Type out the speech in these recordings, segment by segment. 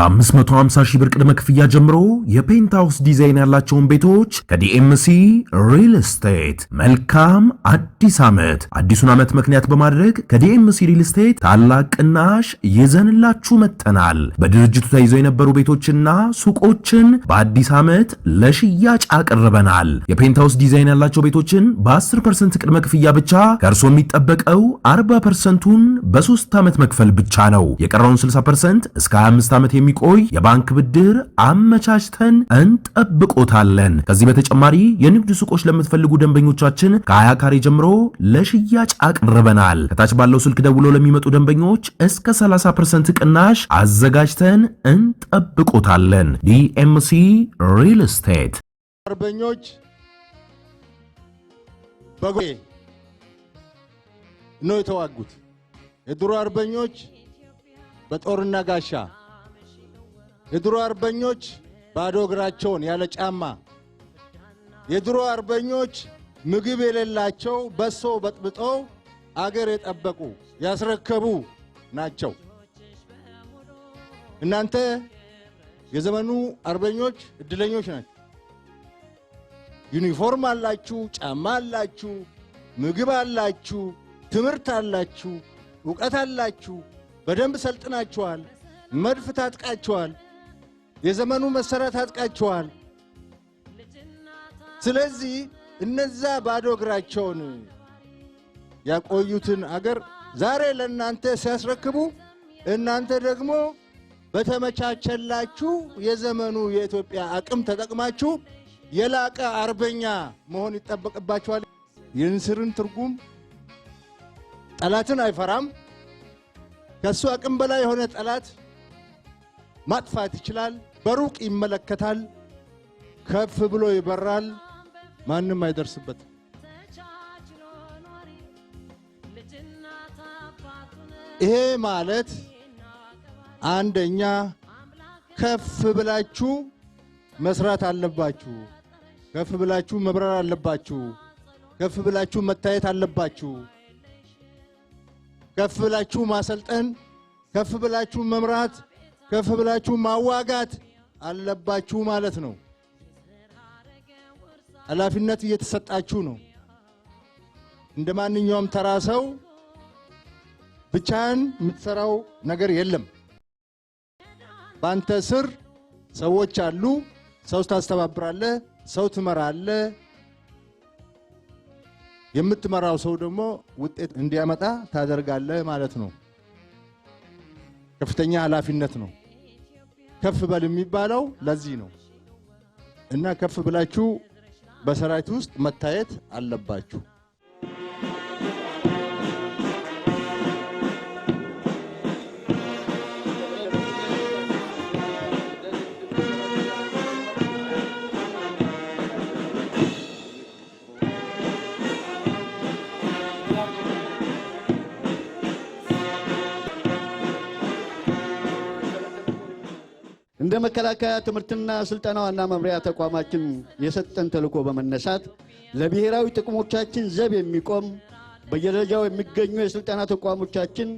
ከ550 ሺህ ብር ቅድመ ክፍያ ጀምሮ የፔንትሃውስ ዲዛይን ያላቸውን ቤቶች ከዲኤምሲ ሪል ስቴት። መልካም አዲስ ዓመት! አዲሱን ዓመት ምክንያት በማድረግ ከዲኤምሲ ሪል ስቴት ታላቅ ቅናሽ ይዘንላችሁ መጥተናል። በድርጅቱ ተይዘው የነበሩ ቤቶችና ሱቆችን በአዲስ ዓመት ለሽያጭ አቅርበናል። የፔንትሃውስ ዲዛይን ያላቸው ቤቶችን በ10 ፐርሰንት ቅድመ ክፍያ ብቻ ከእርሶ የሚጠበቀው 40 ፐርሰንቱን በሶስት ዓመት መክፈል ብቻ ነው። የቀረውን 60 ፐርሰንት እስከ 25 ዓመት የሚ የሚቆይ የባንክ ብድር አመቻችተን እንጠብቆታለን። ከዚህ በተጨማሪ የንግድ ሱቆች ለምትፈልጉ ደንበኞቻችን ከሀያ ካሬ ጀምሮ ለሽያጭ አቅርበናል። ከታች ባለው ስልክ ደውሎ ለሚመጡ ደንበኞች እስከ 30% ቅናሽ አዘጋጅተን እንጠብቆታለን። ዲኤምሲ ሪል ስቴት አርበኞች በጎ ነው የተዋጉት። የድሮ አርበኞች በጦርና ጋሻ የድሮ አርበኞች ባዶ እግራቸውን ያለ ጫማ፣ የድሮ አርበኞች ምግብ የሌላቸው በሶ በጥብጠው አገር የጠበቁ ያስረከቡ ናቸው። እናንተ የዘመኑ አርበኞች እድለኞች ናቸው። ዩኒፎርም አላችሁ፣ ጫማ አላችሁ፣ ምግብ አላችሁ፣ ትምህርት አላችሁ፣ እውቀት አላችሁ፣ በደንብ ሰልጥናችኋል፣ መድፍ ታጥቃችኋል። የዘመኑ መሰረት አጥቃቸዋል። ስለዚህ እነዛ ባዶ እግራቸውን ያቆዩትን አገር ዛሬ ለእናንተ ሲያስረክቡ እናንተ ደግሞ በተመቻቸላችሁ የዘመኑ የኢትዮጵያ አቅም ተጠቅማችሁ የላቀ አርበኛ መሆን ይጠበቅባችኋል። የንስርን ትርጉም ጠላትን አይፈራም። ከእሱ አቅም በላይ የሆነ ጠላት ማጥፋት ይችላል። በሩቅ ይመለከታል። ከፍ ብሎ ይበራል። ማንም አይደርስበት ይሄ ማለት አንደኛ ከፍ ብላችሁ መስራት አለባችሁ። ከፍ ብላችሁ መብረር አለባችሁ። ከፍ ብላችሁ መታየት አለባችሁ። ከፍ ብላችሁ ማሰልጠን፣ ከፍ ብላችሁ መምራት ከፍ ብላችሁ ማዋጋት አለባችሁ ማለት ነው። ኃላፊነት እየተሰጣችሁ ነው። እንደ ማንኛውም ተራ ሰው ብቻህን የምትሰራው ነገር የለም። በአንተ ስር ሰዎች አሉ። ሰው ታስተባብራለህ፣ ሰው ትመራለህ። የምትመራው ሰው ደግሞ ውጤት እንዲያመጣ ታደርጋለህ ማለት ነው። ከፍተኛ ኃላፊነት ነው። ከፍ በል የሚባለው ለዚህ ነው እና ከፍ ብላችሁ በሰራዊት ውስጥ መታየት አለባችሁ። መከላከያ ትምህርትና ስልጠና ዋና መምሪያ ተቋማችን የሰጠን ተልዕኮ በመነሳት ለብሔራዊ ጥቅሞቻችን ዘብ የሚቆም በየደረጃው የሚገኙ የስልጠና ተቋሞቻችን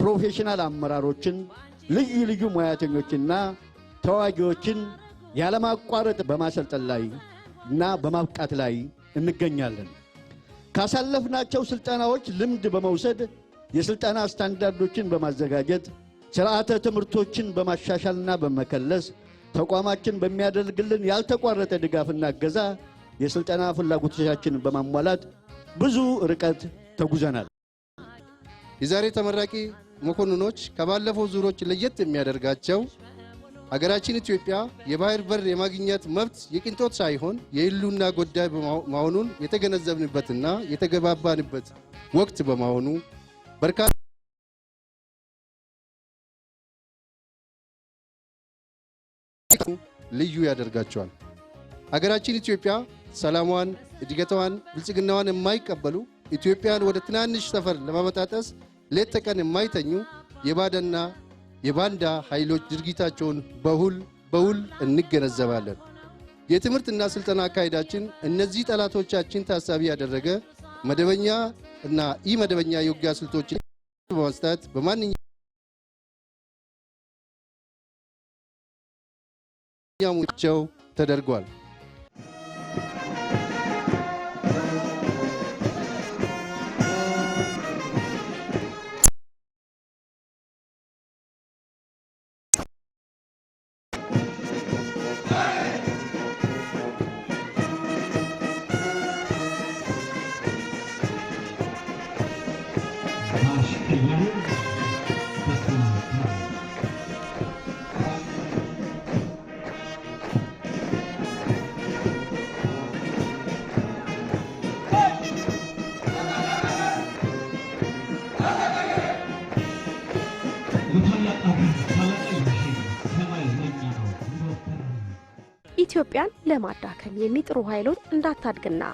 ፕሮፌሽናል አመራሮችን፣ ልዩ ልዩ ሙያተኞችና ተዋጊዎችን ያለማቋረጥ በማሰልጠን ላይ እና በማብቃት ላይ እንገኛለን። ካሳለፍናቸው ስልጠናዎች ልምድ በመውሰድ የስልጠና ስታንዳርዶችን በማዘጋጀት ስርዓተ ትምህርቶችን በማሻሻልና በመከለስ ተቋማችን በሚያደርግልን ያልተቋረጠ ድጋፍና እገዛ የስልጠና ፍላጎቶቻችን በማሟላት ብዙ ርቀት ተጉዘናል። የዛሬ ተመራቂ መኮንኖች ከባለፈው ዙሮች ለየት የሚያደርጋቸው ሀገራችን ኢትዮጵያ የባህር በር የማግኘት መብት የቅንጦት ሳይሆን የሕልውና ጉዳይ መሆኑን የተገነዘብንበትና የተገባባንበት ወቅት በመሆኑ በርካታ ልዩ ያደርጋቸዋል። ሀገራችን ኢትዮጵያ ሰላሟን፣ እድገቷን፣ ብልጽግናዋን የማይቀበሉ ኢትዮጵያን ወደ ትናንሽ ሰፈር ለማበጣጠስ ሌት ተቀን የማይተኙ የባደና የባንዳ ኃይሎች ድርጊታቸውን በሁል በውል እንገነዘባለን። የትምህርትና ስልጠና አካሄዳችን እነዚህ ጠላቶቻችን ታሳቢ ያደረገ መደበኛ እና ኢ መደበኛ የውጊያ ስልቶችን በማስታት በማንኛ ኛቸው ተደርጓል። ኢትዮጵያን ለማዳከም የሚጥሩ ኃይሎች እንዳታድግና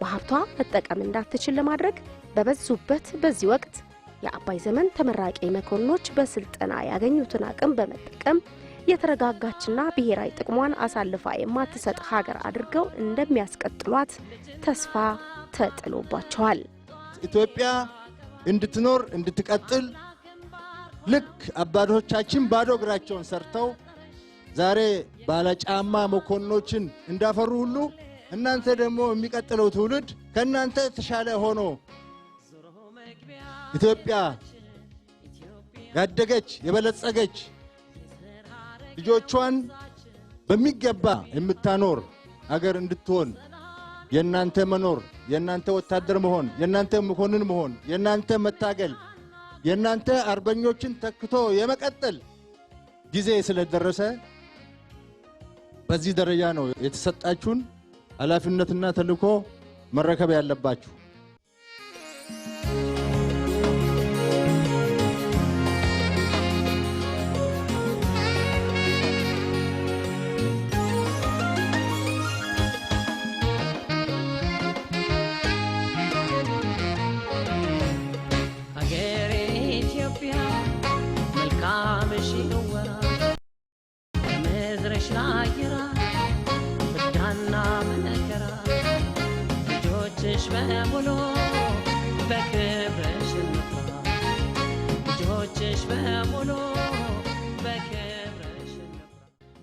በሀብቷ መጠቀም እንዳትችል ለማድረግ በበዙበት በዚህ ወቅት የአባይ ዘመን ተመራቂ መኮንኖች በስልጠና ያገኙትን አቅም በመጠቀም የተረጋጋችና ብሔራዊ ጥቅሟን አሳልፋ የማትሰጥ ሀገር አድርገው እንደሚያስቀጥሏት ተስፋ ተጥሎባቸዋል። ኢትዮጵያ እንድትኖር እንድትቀጥል ልክ አባቶቻችን ባዶ እግራቸውን ሰርተው ዛሬ ባለጫማ መኮንኖችን እንዳፈሩ ሁሉ እናንተ ደግሞ የሚቀጥለው ትውልድ ከእናንተ የተሻለ ሆኖ ኢትዮጵያ ያደገች የበለጸገች ልጆቿን በሚገባ የምታኖር አገር እንድትሆን የእናንተ መኖር፣ የእናንተ ወታደር መሆን፣ የእናንተ መኮንን መሆን፣ የእናንተ መታገል የእናንተ አርበኞችን ተክቶ የመቀጠል ጊዜ ስለደረሰ በዚህ ደረጃ ነው የተሰጣችሁን ኃላፊነትና ተልዕኮ መረከብ ያለባችሁ።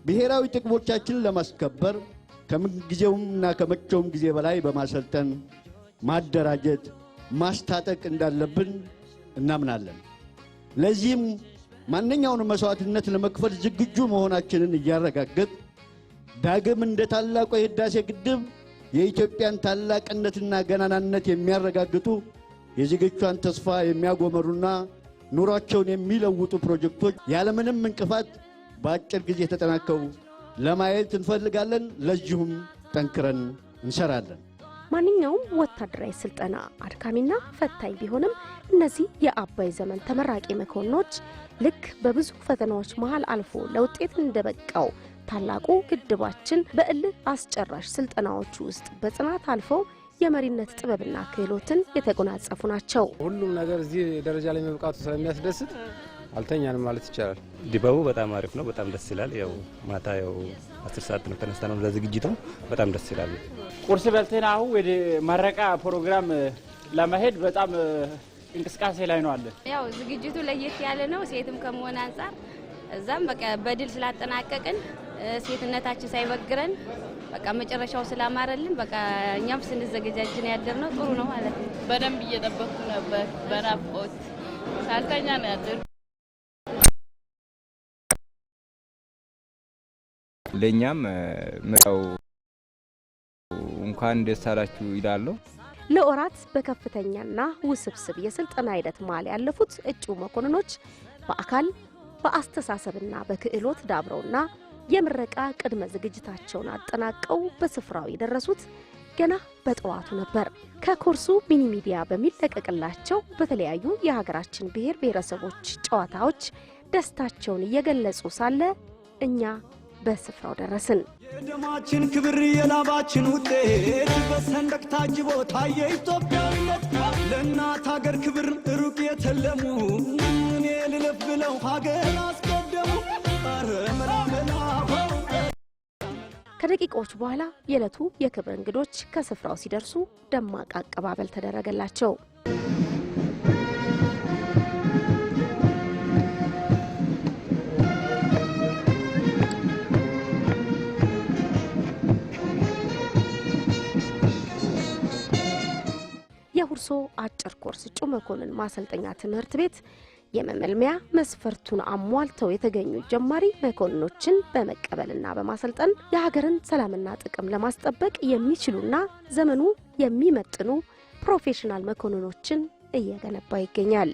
ብሔራዊ ጥቅሞቻችንን ለማስከበር ከምንጊዜውምና ከመቼውም ጊዜ በላይ በማሰልጠን ማደራጀት፣ ማስታጠቅ እንዳለብን እናምናለን። ለዚህም ማንኛውንም መስዋዕትነት ለመክፈል ዝግጁ መሆናችንን እያረጋገጥ ዳግም እንደ ታላቁ የህዳሴ ግድብ የኢትዮጵያን ታላቅነትና ገናናነት የሚያረጋግጡ የዜጎቿን ተስፋ የሚያጎመሩና ኑሯቸውን የሚለውጡ ፕሮጀክቶች ያለምንም እንቅፋት በአጭር ጊዜ ተጠናከው ለማየት እንፈልጋለን። ለዚሁም ጠንክረን እንሰራለን። ማንኛውም ወታደራዊ ስልጠና አድካሚና ፈታኝ ቢሆንም እነዚህ የአባይ ዘመን ተመራቂ መኮንኖች ልክ በብዙ ፈተናዎች መሃል አልፎ ለውጤት እንደበቃው ታላቁ ግድባችን በእልህ አስጨራሽ ስልጠናዎች ውስጥ በጽናት አልፈው የመሪነት ጥበብና ክህሎትን የተጎናጸፉ ናቸው። ሁሉም ነገር እዚህ ደረጃ ላይ መብቃቱ ስለሚያስደስት አልተኛንም ማለት ይቻላል። ድባቡ በጣም አሪፍ ነው። በጣም ደስ ይላል። ያው ማታ ያው አስር ሰዓት ነው ተነስታ ነው ለዝግጅቱ በጣም ደስ ይላል። ቁርስ በልተን አሁን ወደ መረቃ ፕሮግራም ለመሄድ በጣም እንቅስቃሴ ላይ ነው አለ። ያው ዝግጅቱ ለየት ያለ ነው ሴትም ከመሆን አንጻር እዛም በቃ በድል ስላጠናቀቅን ሴትነታችን ሳይበግረን በቃ መጨረሻው ስላማረልን በቃ እኛም ስንዘገጃጅን ያደር ነው ጥሩ ነው ማለት ነው። በደንብ እየጠበኩ ነበር። በናፍቆት ሳልተኛ ነው ያደር ለእኛም ምራው እንኳን ደስ አላችሁ ይላለሁ። ለወራት በከፍተኛና ውስብስብ የስልጠና ሂደት መሃል ያለፉት እጩ መኮንኖች በአካል በአስተሳሰብና በክህሎት ዳብረውና የምረቃ ቅድመ ዝግጅታቸውን አጠናቀው በስፍራው የደረሱት ገና በጠዋቱ ነበር። ከኮርሱ ሚኒ ሚዲያ በሚለቀቅላቸው በተለያዩ የሀገራችን ብሔር ብሔረሰቦች ጨዋታዎች ደስታቸውን እየገለጹ ሳለ እኛ በስፍራው ደረስን። የደማችን ክብር የላባችን ውጤት በሰንደቅ ታጅቦ ታየ ኢትዮጵያዊነት ለእናት ሀገር ክብር ሩቅ የተለሙ ልለፍ ብለው ሀገር አስቀደሙ። ከደቂቃዎች በኋላ የዕለቱ የክብር እንግዶች ከስፍራው ሲደርሱ ደማቅ አቀባበል ተደረገላቸው። የሁርሶ አጭር ኮርስ ጩመኮንን መኮንን ማሰልጠኛ ትምህርት ቤት የመመልመያ መስፈርቱን አሟልተው የተገኙ ጀማሪ መኮንኖችን በመቀበልና በማሰልጠን የሀገርን ሰላምና ጥቅም ለማስጠበቅ የሚችሉና ዘመኑ የሚመጥኑ ፕሮፌሽናል መኮንኖችን እየገነባ ይገኛል።